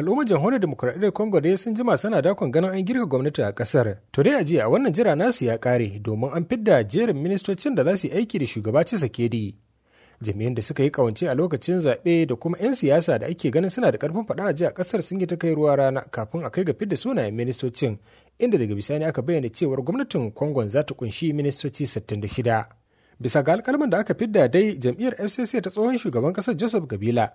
al'ummar jamhuriyar demokuraɗiyyar congo dai sun jima sana dakon ganin an girka gwamnati a kasar to dai a a wannan jira nasu ya kare domin an fidda jerin ministocin da za su yi aiki da shugaba di jami'an da suka yi kawance a lokacin zaɓe da kuma 'yan siyasa da ake ganin suna da ƙarfin faɗa a jiya ƙasar sun yi ta kai ruwa rana kafin a kai ga fidda sunayen ministocin inda daga bisani aka bayyana cewar gwamnatin kongon za ta kunshi ministoci 66 bisa ga alƙalman da aka fidda dai jam'iyyar fcc ta tsohon shugaban ƙasar joseph kabila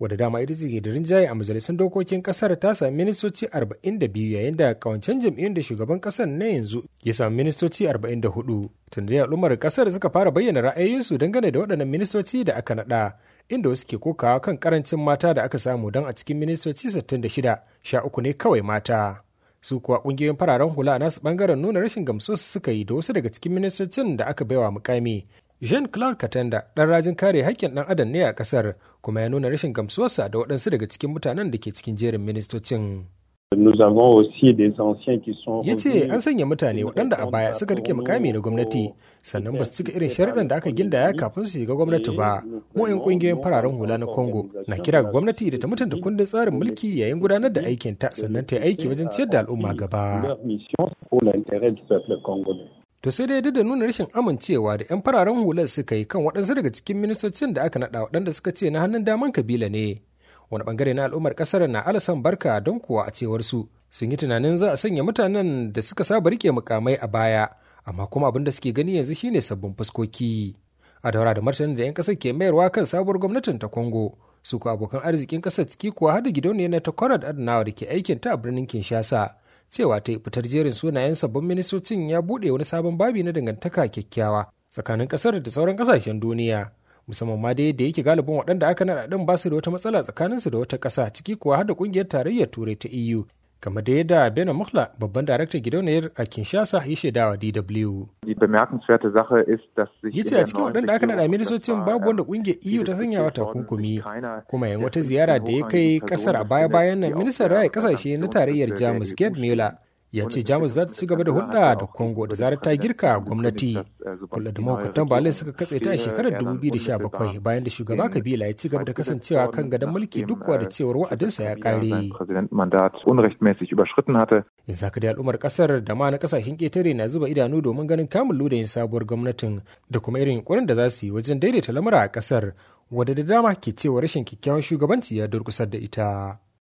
wadda dama ita ce da rinjaye a majalisun dokokin kasar ta sami ministoci 42 yayin da kawancen jam'iyyun da shugaban kasar na yanzu ya sami ministoci 44 tunda al'ummar kasar suka fara bayyana ra'ayoyinsu dangane da waɗannan ministoci da aka naɗa inda wasu ke kokawa kan karancin mata da aka samu don a cikin ministoci 66 sha uku ne kawai mata su kuwa ƙungiyoyin fararen hula a nasu bangaren nuna rashin gamsu suka yi da wasu daga cikin ministocin da aka baiwa mukami jean claude katanda ɗan rajin kare haƙƙin ɗan adam ne a ƙasar kuma ya nuna rashin gamsuwarsa da waɗansu daga cikin mutanen da ke cikin jerin ministocin ya ce an sanya mutane waɗanda a baya suka rike mukami na gwamnati sannan ba su cika irin sharuɗan da aka gindaya kafin su shiga gwamnati ba mu 'yan ƙungiyoyin fararen hula na congo na kira ga gwamnati da ta mutunta kundin tsarin mulki yayin gudanar da aikinta sannan ta yi aiki wajen ciyar da al'umma gaba to sai dai da nuna rashin amincewa da 'yan fararen hular suka yi kan waɗansu daga cikin ministocin da aka naɗa waɗanda suka ce na hannun daman kabila ne wani bangare na al'ummar ƙasar na alasan barka don kuwa a cewar su sun yi tunanin za a sanya mutanen da suka saba rike mukamai a baya amma kuma abin da suke gani yanzu shine sabbin fuskoki a daura da martanin da 'yan ƙasar ke mayarwa kan sabuwar gwamnatin ta kongo su ko abokan arzikin ƙasar ciki kuwa har da gidauniyar na da adanawa da ke aikin ta a birnin kinshasa cewa ta fitar jerin sunayen sabbin ministocin ya buɗe wani sabon babi na dangantaka kyakkyawa tsakanin ƙasar da sauran ƙasashen duniya musamman ma dai da yake galibin waɗanda aka naɗa ɗin basu da wata matsala tsakaninsu da wata ƙasa ciki kuwa har da ƙungiyar tarayyar turai ta eu kamar da yadda Beno Mukhla babban daraktan gidauniyar a Kinshasa ya shaidawa DW. yace a cikin waɗanda aka naɗa ministocin babu wanda ƙungiyar EU ta sanya wa takunkumi kuma yayin wata ziyara da ya kai ƙasar a baya-bayan nan ministan raya kasashe na tarayyar Jamus Gerd Müller ya ce jamus za ta ci gaba da hulɗa da congo da zarar ta girka gwamnati hulɗa da mahukuntan balin suka katse ta a shekarar 2017 bayan da shugaba kabila ya ci gaba da kasancewa kan gadon mulki duk wa da eh, cewar wa'adinsa ya kare yanzu haka da al'ummar kasar da ma na kasashen ketare na zuba idanu domin ganin kamun ludayin sabuwar gwamnatin da kuma irin yunkurin da za su yi wajen daidaita lamura a kasar wadda da dama ke cewa rashin kyakkyawan shugabanci ya durkusar da ita